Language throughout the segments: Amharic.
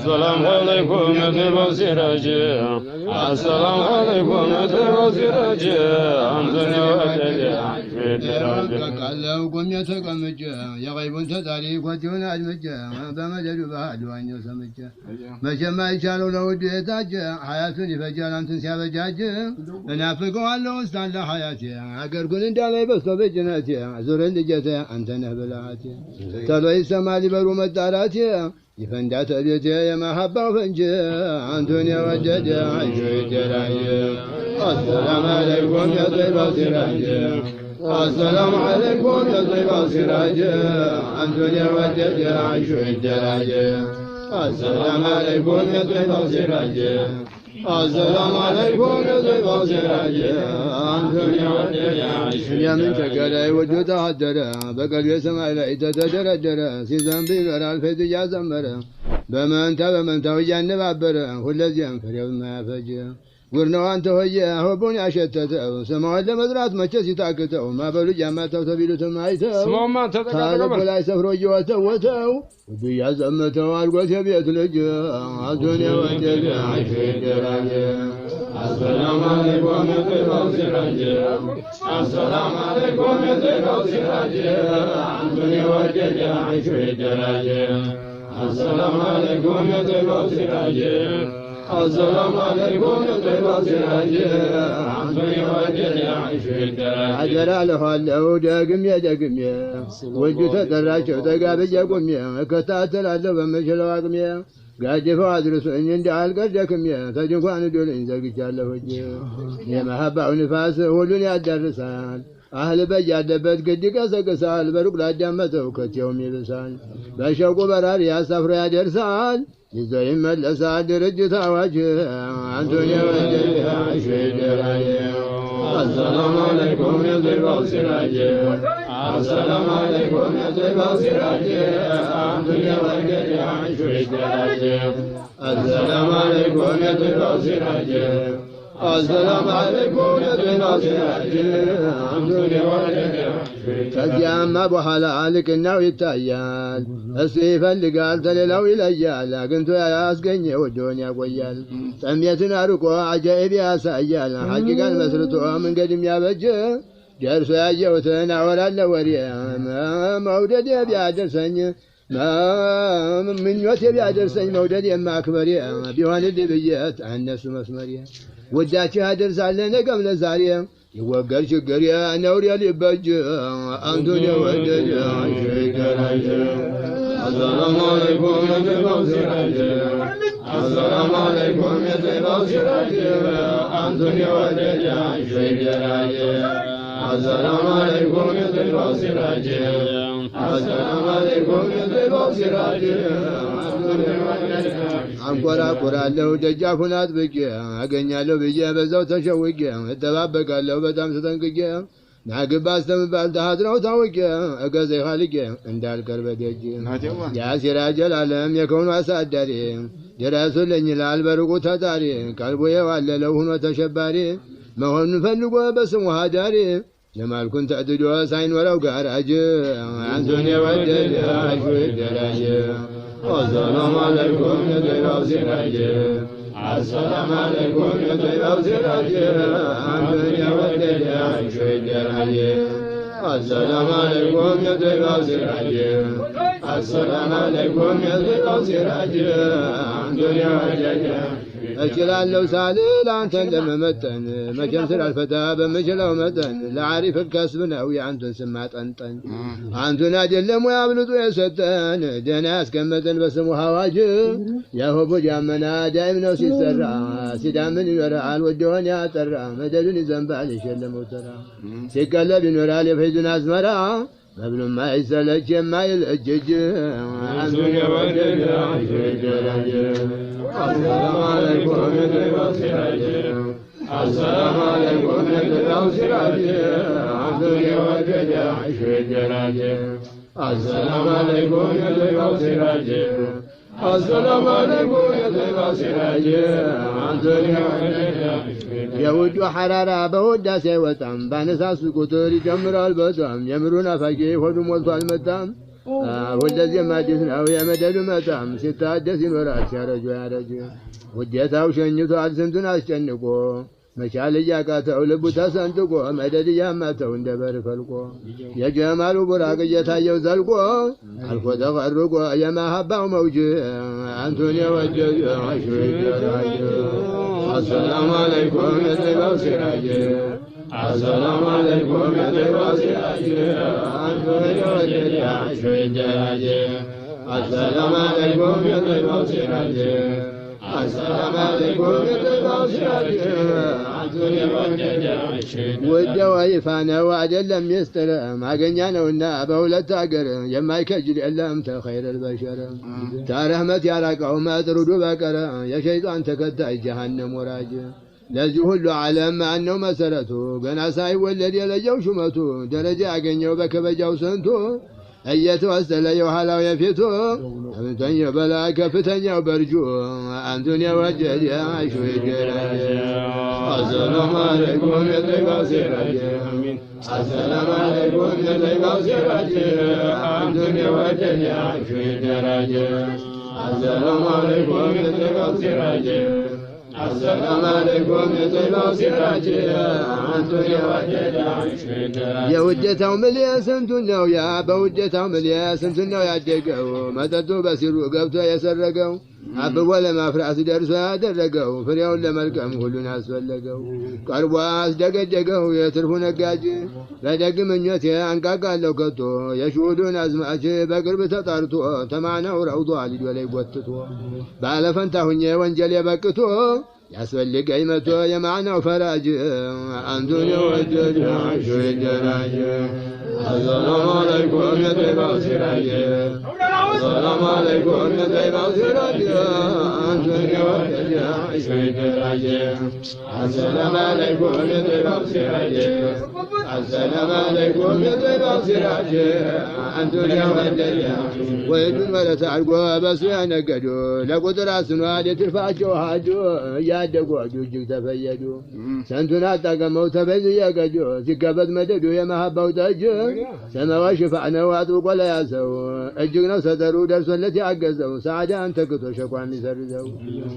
السلام عليكم مثل بصيرج السلام عليكم مثل بصيرج حمدنا وكذا ተቀለውኩም የተቀምጀ የቀይቡን ተጣሪ ኮቴውን አድምጀ በመደዱ መቼም አይቻለው የታጀ ሀያቱን ይፈጃል አንትን ሲያበጃጅ ሀያቴ አገር እንዳላይ በስቶ በጭነቴ ዙርን ልጀቴ አንተነህ ብልሃቴ ተሎ መጣራቴ يفندات بيتي ما حب فنجا عن دنيا وجدا عن شويت السلام عليكم يا طيب سراجا السلام عليكم يا طيب سراجا عن دنيا وجدا عن شويت السلام عليكم يا طيب سراجا አሰላሙ አለይኩም ከዘይባው የምን ቸገረይ ወጆ ተሃደረ በቀልቤ ሰማይ ላይ ተተደረደረ ሲዘንብ ይበራል ፌዝ እያዘመረ በመንታ በመንታው እያነባበረ ሁለዚያም ፍሬው የማያፈጅ ጉድ ነው አንተ ሆየ ሆቦን ያሸተተው ስማዋን ለመዝራት መቼ ሲታክተው ማበሉ ያማታው ተቢሉትም አይተው ታለቁ ላይ ሰፍሮ ወተው ውዱ እያዘመተው አልጎት የቤት ልጅ አዞን የወደድ አሰላም አለይኩም ሲራጀ አሰላም አለይኩም ሲራጀ የወደድ አሰላም አለይኩም ሲራጀ السلام عليكم طيب سراج عجل له له داقم يا داقم ተጠራቸው ተጋብዬ ቁሜ እከታተላለሁ በምችለው አቅሜ ጋጅፈው አድርሱኝ እንዳልቀር ደክሜ ተድንኳን ዶልኝ ዘግቻለሁ እጅ የመሀባው ንፋስ ሁሉን ያዳርሳል። አህል በያለበት ግድ ይቀሰቅሳል። በሩቅ መተው ሰውከቴውም ይብሳል። በሸቁ በራሪ ያሳፍሮ ያደርሳል። ይዞ ይመለሳል። ድርጅት አዋጅ አንቱን አሰላሙ አለይኩም የዘይባው ሲራጅ አሰላሙ አለይኩም የዘይባው ሲራጅ አሰላሙ አለይኩም የዘይባው ሲራጅ አሰላሙ አለይኩም ከዚያማ በኋላ ልቅናው ይታያል። እሱ ይፈልጋል፣ ተሌላው ይለያል። አግኝቶ ያስገኘ ወዶን ያቆያል። ጠሜትን አርቆ አጃኢብ ያሳያል። ሐቂቃን መስርቶ መንገድ የሚያበጅ ደርሶ ያየሁትን አወራለ ወሬ መውደድ ቢያደርሰኝ ምኞት ቢያደርሰኝ መውደድ የማክበሬ ቢሆንልህ ብዬ አነሱ መስመሬ وداتي هادر زعلنا قبل زاريا يوقر شقر يا نوريا الدنيا أنتوني ودجا شكر السلام عليكم يا تبوز السلام عليكم يا تبوز أنتوني ودجا شكر السلام عليكم يطلب سراجي السلام عليكم ደጃፉን አጥብቄ አገኛለሁ ብዬ በዛው ተሸውቄ እጠባበቃለሁ በጣም ተጠንቅቄ ናግባ አስተምባል ተሀድረው ታውቄ እገዜ ኻልቄ እንዳልቀር በደጅ ያ ሲራጀ የከውኑ አሳዳሪ ድረሱልኝ ይላል በርቁ ተጣሪ ቀልቡ የዋለለው ሁኖ ተሸባሪ መሆኑን ፈልጎ በስሙ ሃዳሪ جمال كنت أدجو ساين ولو قهر كهرج عن دنيا ودد أجو درج والسلام عليكم يا طيب سراج السلام عليكم يا طيب سراج عن دنيا ودد أجو درج السلام عليكم يا طيب سراج السلام عليكم يا طيب سراج عن دنيا سني ودل እችላለሁ ሳልል አንተን ለመመጠን መቼም ስላልፈታ በምችለው መጠን ለአሪፍ ከስብ ነው የአንቱን ስም ማጠንጠን አንቱን አይደለም ወይ አብልጦ የሰጠን ደህና ያስቀመጠን በስሙ ሐዋጅ የሆቡ ጃመና ዳይም ነው ሲሰራ ሲዳምን ይኖራል ወደሆን ያጠራ መደዱን ይዘንባል የሸለመው ተራ ሲቀለብ ይኖራል የፈይዙን አዝመራ ابن مايس الجمايل الججر عزوج وجد عجوج السلام عليكم السلام عليكم السلام عليكم የውጩ ሐራራ በወዳሴ አይወጣም። ባነሳሱ ቁጥር ይጨምራል በጣም የምሩን አፋቂ ሆዱ ሞልቶ አልመጣም። ሁለዚህም አዲስ ነው የመደዱ መጣም ሲታደስ ይኖራል ሲያረጁ ያረጅ ውዴታው ሸኝቷል ስንቱን አስጨንቆ መቻል እያቃተው ልቡ ተሰንጥቆ መደድ እያማተው እንደ በር ፈልቆ የጀማሉ ቡራቅ እየታየው ዘልቆ አልፎ ተፈርቆ የማሀባው መውጅ አንቱን የወደድ አሰላሙ አለይኩም የጠይባው ሲራጅ السلام عليكم يا طيب سراج أنتم الوجد يا عشر الدراج السلام عليكم يا طيب سراج ውድ ወይፋ ነው አይደለም ሚስጥር ማገኛ ነውና በሁለት ሀገር የማይከጅል የለም ተኸይረ ልበሸረ ተረህመት ያራቀው መጥሩዱ በቀረ የሸይጣን ተከታይ ጀሃነም ወራጅ ለዚህ ሁሉ ዓለም ማነው መሰረቱ ገና ሳይወለድ የለየው ሹመቱ ደረጃ ያገኘው በከበጃው ስንቱ እየተወሰለ የኋላው የፊቱ ከምተኛው በላይ ከፍተኛው በርጁ አንቱን የወጀድ አይሹ አሰላም አለይኩም የጠይቃው ሴራጅ አሰላም አለይኩም የጠይቃው ሴራጅ አንቱን የወጀድ አይሹ ደራጀ አሰላም አለይኩም የጠይቃው ሴራጅ የውዴታው ምልያ ስንቱን ነው ያ በውዴታው ምልያ ስንቱን ነው ያደገው መጠጡ በሲሩ ገብቶ የሰረገው አብቦ ለማፍራት ደርሶ ያደረገው ፍሬውን ለመልቀም ሁሉን አስፈለገው። ቀርቦ አስደገደገው የትርፉ ነጋጅ በደግ ምኞት ከቶ የሽሁዱን አዝማች በቅርብ ተጠርቶ ተማነው ረውዶ ልጆ ላይ ጎትቶ ባለፈንታ ሁኜ ወንጀል የበቅቶ ያስፈልገኝ መቶ የማነው ፈራጅ አንዱን የወደድ ሹ السلام عليكم يا طيبة وسرايا السلام عليكم يا طيبة وسرايا أنزل يا عيسى درايا السلام عليكم يا طيبة وسرايا السلام عليكم يا طيبة وسرايا أنزل يا وديا ويدن ولا تعلقوا بس ينقدوا لقد راسن وادي ترفعجوا هاجوا እያደጉ እጅግ ተፈየዱ ስንቱን አጣቀመው ተበዝ እየቀጁ ሲከፈት መደዱ የመሀባው ጠጅ سنوى شفعنا واتوب ولا ياسو اجقنا سدرو درس التي عقزو سعد انت كتو شكوى مسرزو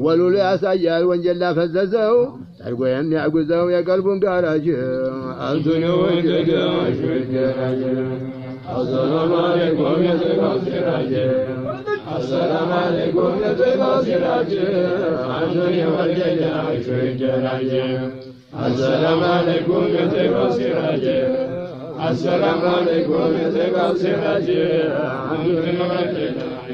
ولولي اسجال وانجلا فززو ترقو يمني عقزو يا قلب قارج اذن وجد وشد رجل السلام عليكم يا سيدنا سراج السلام عليكم يا سيدنا سراج عشري والجد عشر الجراج السلام عليكم يا سيدنا سراج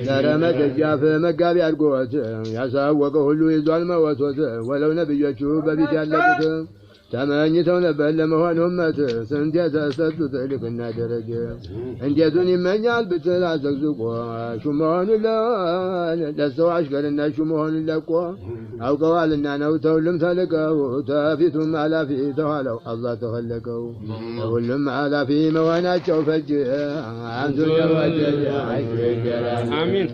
ዘረመ ደጃፍ መጋቢ አድጎት ያሳወቀ ሁሉ ይዟል መወሶት ወለው ነብዮቹ በፊት ያለቁት تمانيتون بل مهان همته سنديتا سدو ذلك النادرج عنديتوني من يال بتلا زقزقوا شمهان لا لسوا عشقر الناس شمهان لا قوا أو قوال نوتو أو تولم ثلقوا تافيتهم على فيه تهالوا الله تخلقوا تولم على فيه موانا شوفج عبد الجواد عشق الجلال آمين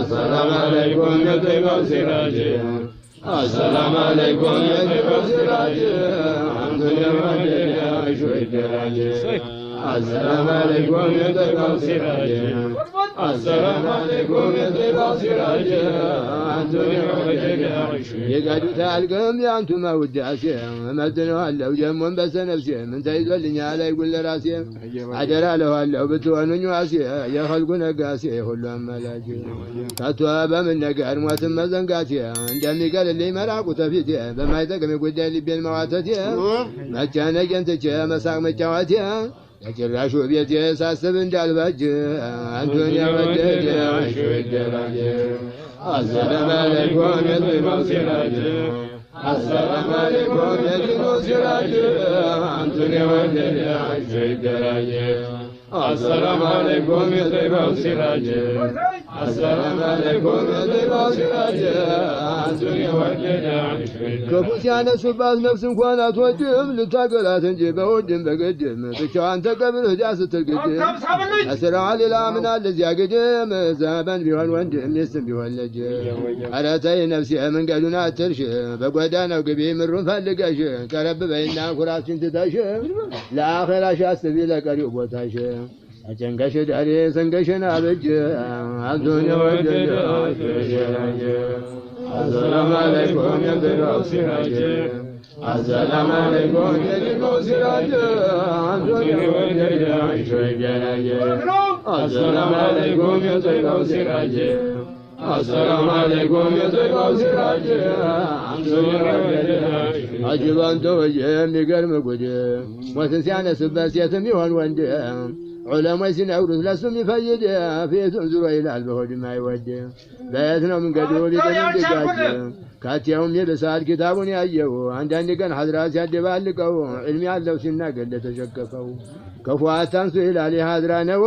السلام عليكم يا طيب سراجي السلام عليكم يا ذي الراجل الحمد لله يا شوية الراجل السلام عليكم يا سراجنا السلام عليكم يا سراجنا أنتم يقعدوا القم يا أنتم ما ودي عسيهم مدنوا هلا وجمهم بس نفسي من تايد ولني على يقول راسي عدرا له هلا وبتوانون واسي يا خلقنا قاسي كلهم ملاجي تتوابى من نقار موت مزن قاسي عندما قال اللي مراقو تفيتي بما يتقم يقول لي بين مواتتي ما كان جنتك مساق متواتي ለጭራሽ ቤት ሳስብ እንዳልባጅ አንዱን ያወደደ ሽደራጀ አሰላም አለይኩም የጥበው ሲራጅ አሰላም አለይኩም የጥበው ሲራጅ አንዱን ያወደደ ሽደራጀ አሰላም አለይኩም የጥበው ሲራጅ ክፉ ሲያነሱባት ነፍስ እንኳን አትወድም ልታገላት እንጂ በውድም በግድም ብቻዋን ተቀብርህ ዲያ ስትግድም አስራዋ ሌላ ምን አለ እዚያ ግድም ዘመን ቢሆን ወንድም ሚስትም ቢሆን ልጅ ኧረ ተይ ነፍሴ መንገዱን አትርሽ በጎዳናው ግቢ ምሩን ፈልገሽ ቀረብ በይና ኩራችን ትተሽ ለአኼራሽ አስቢ ለቀሪው ቦታሽ አጨንጋሽ ዳሬ ሰንገሽን አበጀ አብዱን የወደደ አሰላም አለይኩም የድራው ሲራጀ አሰላም አለይኩም የድራው ሲራጀ አብዱን የወደደ የሚገርም ጉድ ሞትን ሲያነስበት ሴትም ይሆን ወንድ علماء سن أولوث لازم يفيد في تنظر إلى البهود ما يودي بيتنا من قد آه، ولد آه، من دقاج كات يوم يبسار كتابون يأيه عند عندي كان حضرات يدي بالقه علمي عدلو سنة قد كفوا كفواتان الى لي هادرا نو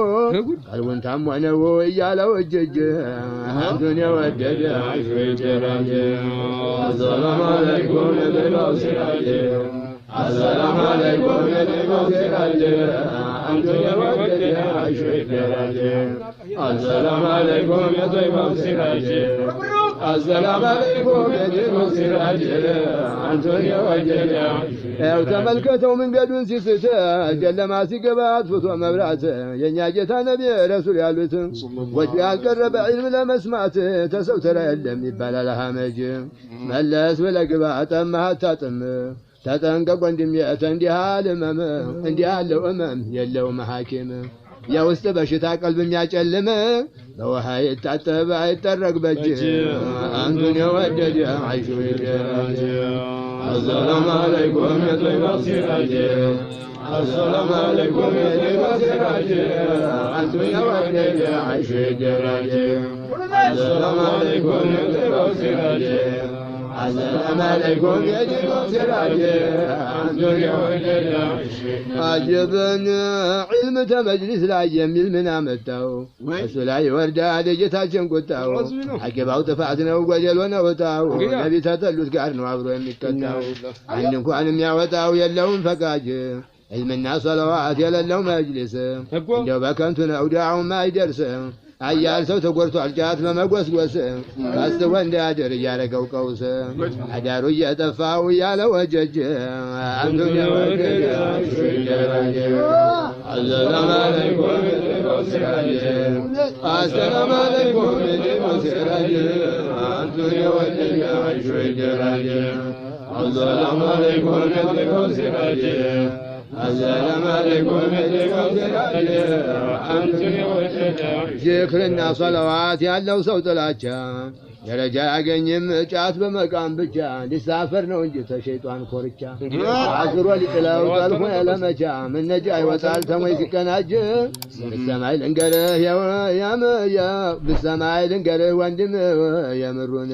قال وانت عم لو جج الدنيا هادون يودد في جراجي السلام عليكم يا بالموسيقى السلام عليكم يا بالموسيقى አንተ የወደደ አሽራጅ ተመልከተው መንገዱን ሲስት ጨለማ ሲገባ አጥፍቶ መብራት የእኛ ጌታ ነቢ ረሱል ያሉት ወጪ ያቀረበ ዒልም ለመስማት ተሰው ተራ የለም ይባላል ሐመጅ መለስ ብለህ ግባ ጠማህ አታጥም ተጠንቀቁ እንድሚያተ እንዲሃል ህመም እንዲያለው እመም የለውም ሐኪም የውስጥ በሽታ ቀልብ የሚያጨልም በውሃ ይታጠብ አይጠረግ በጅ አንዱን የወደደ አይሹ ይደራጅ السلام عليكم يا طيب السراجي السلام عليكم يا طيب السراجي أنتم يا عيش الدراجي السلام عليكم يا طيب السراجي السلام عليكم يا جنود عجبنا علم مجلس لا يميل من عمتو وسلاي ورد هذه جتاجن قتاو عقباو تفعتنا وقجل ونوتاو نبي تتلوت قارن وعبرو يمكتاو عنكو عن مياوتاو يلون فقاجه علم صلوات يلا لهم اجلس جوابك انتنا ما يدرسهم አያል ሰው ተጎድቷል። ጫት በመጎስጎስ አስተወ እንዳድር እያረገው ቀውስ አዳሩ እየጠፋው እያለ ወጀጅ አንዱን የወገደ السلام عليكم السلام عليكم أنتم يا ولد يا عشوة السلام عليكم السلام عليكم ዝክርና ሰለዋት ያለው ሰው ጥላቻ ደረጃ ያገኝም ጫት በመቃም ብቻ ሊሳፈር ነው እንጂ ተሸይጧን ኮርቻ አስሮ ሊጥለው ጠልፎ ያለመቻ መነጃ ይወጣል ተሞይ ሲቀናጅ ብሰማይ ልንገርህ ብሰማይ ልንገርህ ወንድም የምሩን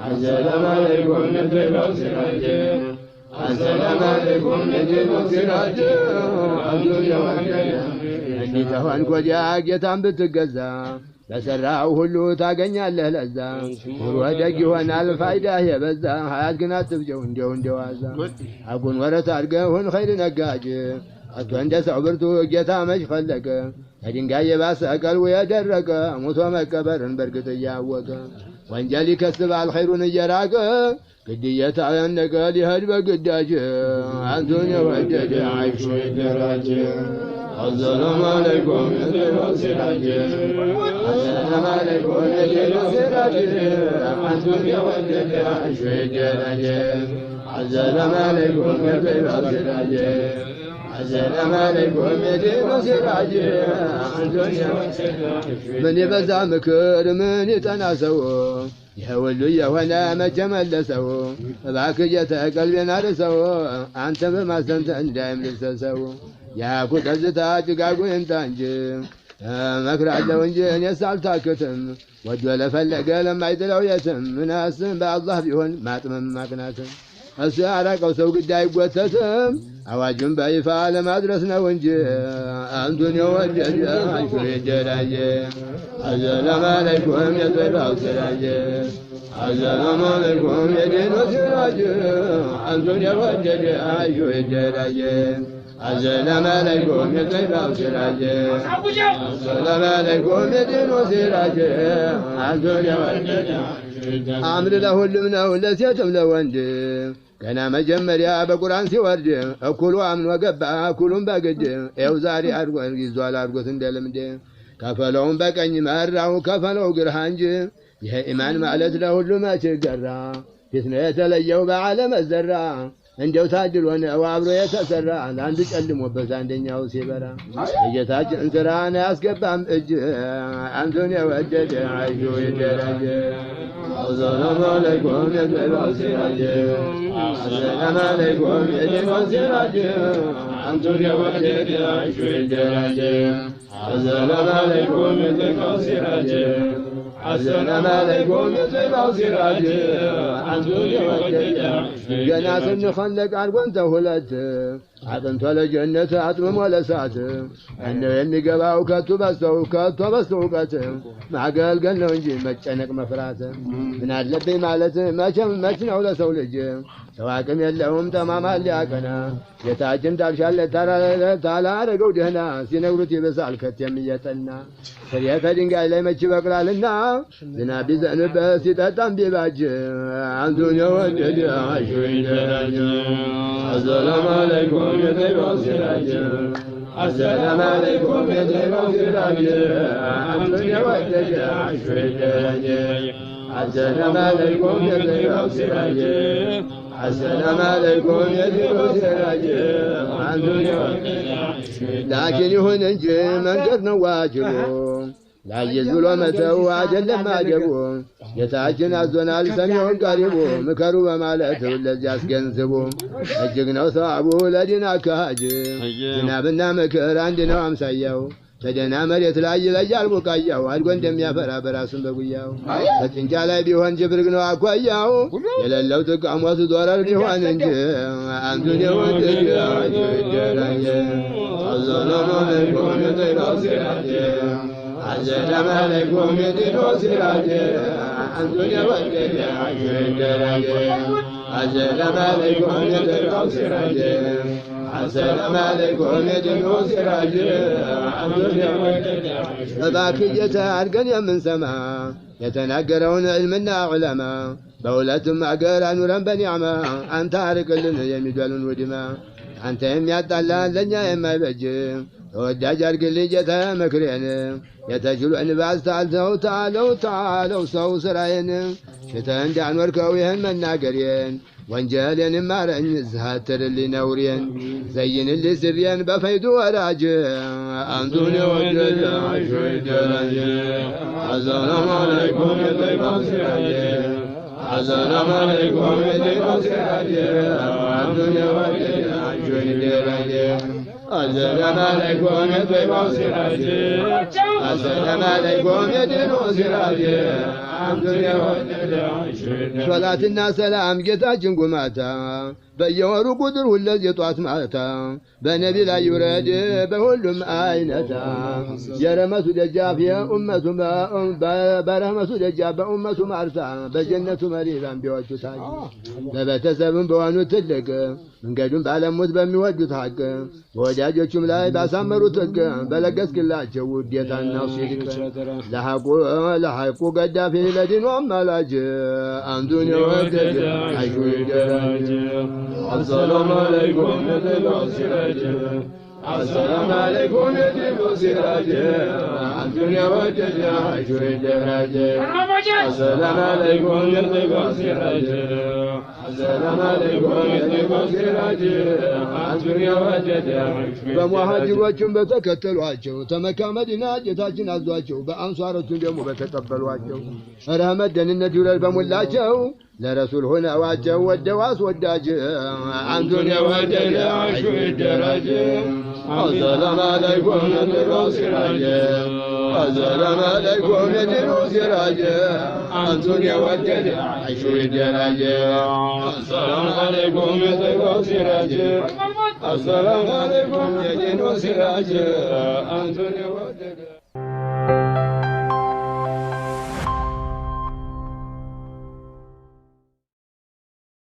السلام عليكم نجيب سراج አንዱ የዋን ለጌታዋን ጌታን ብትገዛ ለሰራው ሁሉ ታገኛለህ ለዛ ወደግ ይሆናል ፋይዳ የበዛ ሀያት ግን አትብጀው እንዲው እንዲዋዛ አጉን ወረት አድርገህ ሁን ኸይር ነጋጅ አቶ እንደ ሰው ብርቱ ጌታ መች ፈለገ ከድንጋይ የባሰ ቀልቡ የደረቀ ሙቶ መቀበርን በእርግጥ እያወቀ كسب على الخير ونجراك قدية عندك لهج بقداج عن دنيا وحدك عيش الدراج السلام عليكم ذي وسراج السلام عليكم مثل وسراج عن دنيا وحدك عيش الدراج السلام عليكم ذي وسراج ምን ይበዛ ምክር ምን ይጠና ሰው የሆነ መቼ መለሰው? እባክህ ቀልቤን አንተ በማሰንተ እንዳይምልሰሰው ያኩ ተዝታ ጭጋጉ ይምጣ እንጂ መክራለሁ እንጂ እኔስ አልታክትም ወዶ ለፈለገ ለማይጥለው የትም ምናስም በአላህ ቢሆን ማጥመም ማቅናትም እሱ ያላቀው ሰው ግድ አይጎተትም። አዋጁን በይፋ ለማድረስ ነው እንጂ አንቱን የወደድ አንሹ የጀላየ አሰላም አለይኩም የጠራው ስላየ አሰላም አለይኩም የዲኖ ሲራጅ አንቱን የወደድ አንሹ የጀላየ السلام عليكم የጠራው طيب وسراج السلام عليكم يا دين وسراج አምር ለሁሉም ነው ለሴትም ለወንድ። ገና መጀመሪያ በቁርአን ሲወርድ እኩሉ አምኖ ገባ እኩሉም በግድ ኤው ዛሬ ይዟል አድርጎት እንደ ልምድ ከፈለውን በቀኝ መራው ከፈለው ግርሃ እንጂ ይሄ ኢማን ማለት ለሁሉም አችገራ ፊት ነው የተለየው በዓለም ዘራ እንደው ታድል ሆነ አብሮ የተሰራ ለአንዱ ጨልሞበት አንደኛው ሲበራ የጌታችን ስራን አያስገባም እጅ አንቱን የወደደ አይዞ ይደረጀ السلام عليكم يا جبال سراجي السلام عليكم يا جبال سراجي أنتم كوالد العيش والدراجي السلام عليكم يا جبال سراجي አሰላም አለይኩም የዘይባው ሲራጅ ሁለት አጥንቶ ለጀነት አጥምሞ ለሳት እነው የሚገባው ከቱ በስተው ከቶ በስተ እውቀት ማገልገል ነው እንጂ መጨነቅ መፍራት ምን አለብኝ ማለት መቼም መች ነው ለሰው ልጅ ሰው አቅም የለውም ተማማል ያቀና ጌታችን ዳብሻለት ታላረገው ደህና ሲነግሩት ይበሳል ከቴም እየጠና ስርየተ ድንጋይ ላይ መች ይበቅላልና ዝናብ ቢዘንበት ሲጠጣም ቢባጅ አንዱን የወደድ አሹ ይደራጅ አሰላም አለይኩም የጠይባው ሲራጅ አሰላም አለይኩም የጠይባው ሲራጅ አንዱን የወደድ አሹ ይደራጅ السلام عليكم يا سيدي السلام عليكم يا دروس الراجل عندنا እንጂ መንገድ ነው ዋጅቡ ላይ ዝሎ መተው አይደለም አደቡ ጌታችን አዞናል ሰሚውን ቀሪቡ ምከሩ በማለት ለዚህ አስገንዝቡ እጅግ ነው ሰዋቡ ለዲና ካጅ ዝናብና ምክር አንድ ነው አምሳያው በደህና መሬት ላይ ይለያል ቡቃያው አድጎ እንደሚያፈራ በራሱን በጉያው በጭንጫ ላይ ቢሆን ጅብርግ ነው አኳያው የሌለው ጥቃሞት ዶረር ቢሆን እንጂ አንዱን የወድ عجل ملك ومدن سراجه الدنيا والدنيا عجل درجه عجل ملك ومدن سراجه عسل مالك ومدن وسراج ذاك جتاد قد من سما يتناقرون علمنا علما بولة معقرة نورا بنعمة عن تارك لنا يمي ودما عن تهم يطلع لنا يما بجم ودج أرقلي جتا مكرين يتجلو أن بعد تعالوا تعالوا تعالوا سو سراين شتان دعن وركويهن من ناقرين وانجالين رن زهاتر اللي نورين زين اللي سريان بفيدو وراجع أنتوني وجد عشوي جلاجي السلام عليكم يا طيب سراجي السلام عليكم يا طيب سراجي وجد عشوي አዘለማ ለይኮን የጠይባው ሲራጅ አዘለማ ለይኮን የድኖ ሲራጅ صلاتنا سلام جتاجن قماتا بيور قدر والذي طعت ماتا بنبي لا يراد بهلم آينتا يرمس دجاب يا أمة ما برمس دجاب أمة معرسا بجنة مريضا بيوجه تاج ببتسم بوانو تلك من قدم بعلم مذبا بميوجه تاج وجاجكم لا بسمروا تلك بلقس كلا كلاجه وديتا ناصيك لحقوا لحقوا قدافي عدد وملج عن دنيا وتج حيث الدرج السلام عليكم نتلو سراج السلام عليكم نتلو سراج عن دنيا وتج حيث الدرج السلام عليكم نتلو سراج በሙሃጅሮችን በተከተሏቸው ተመካ መዲና ጌታችን አዟቸው በአንሷሮቹን ደግሞ በተቀበሏቸው ረህመት ደህንነት ይውረድ በሞላቸው ለረሱል ሆነዋቸው ወደዋስ ወዳጅ አንዱን የወደደ አሹ ይደረጅ أزلنا عليكم من رؤوس الرجال أزلنا عليكم من رؤوس الرجال أنتم يا ودد عيشوا الدرجال السلام عليكم من رؤوس الرجال السلام عليكم يا جنوس الرجال أنتم يا ودد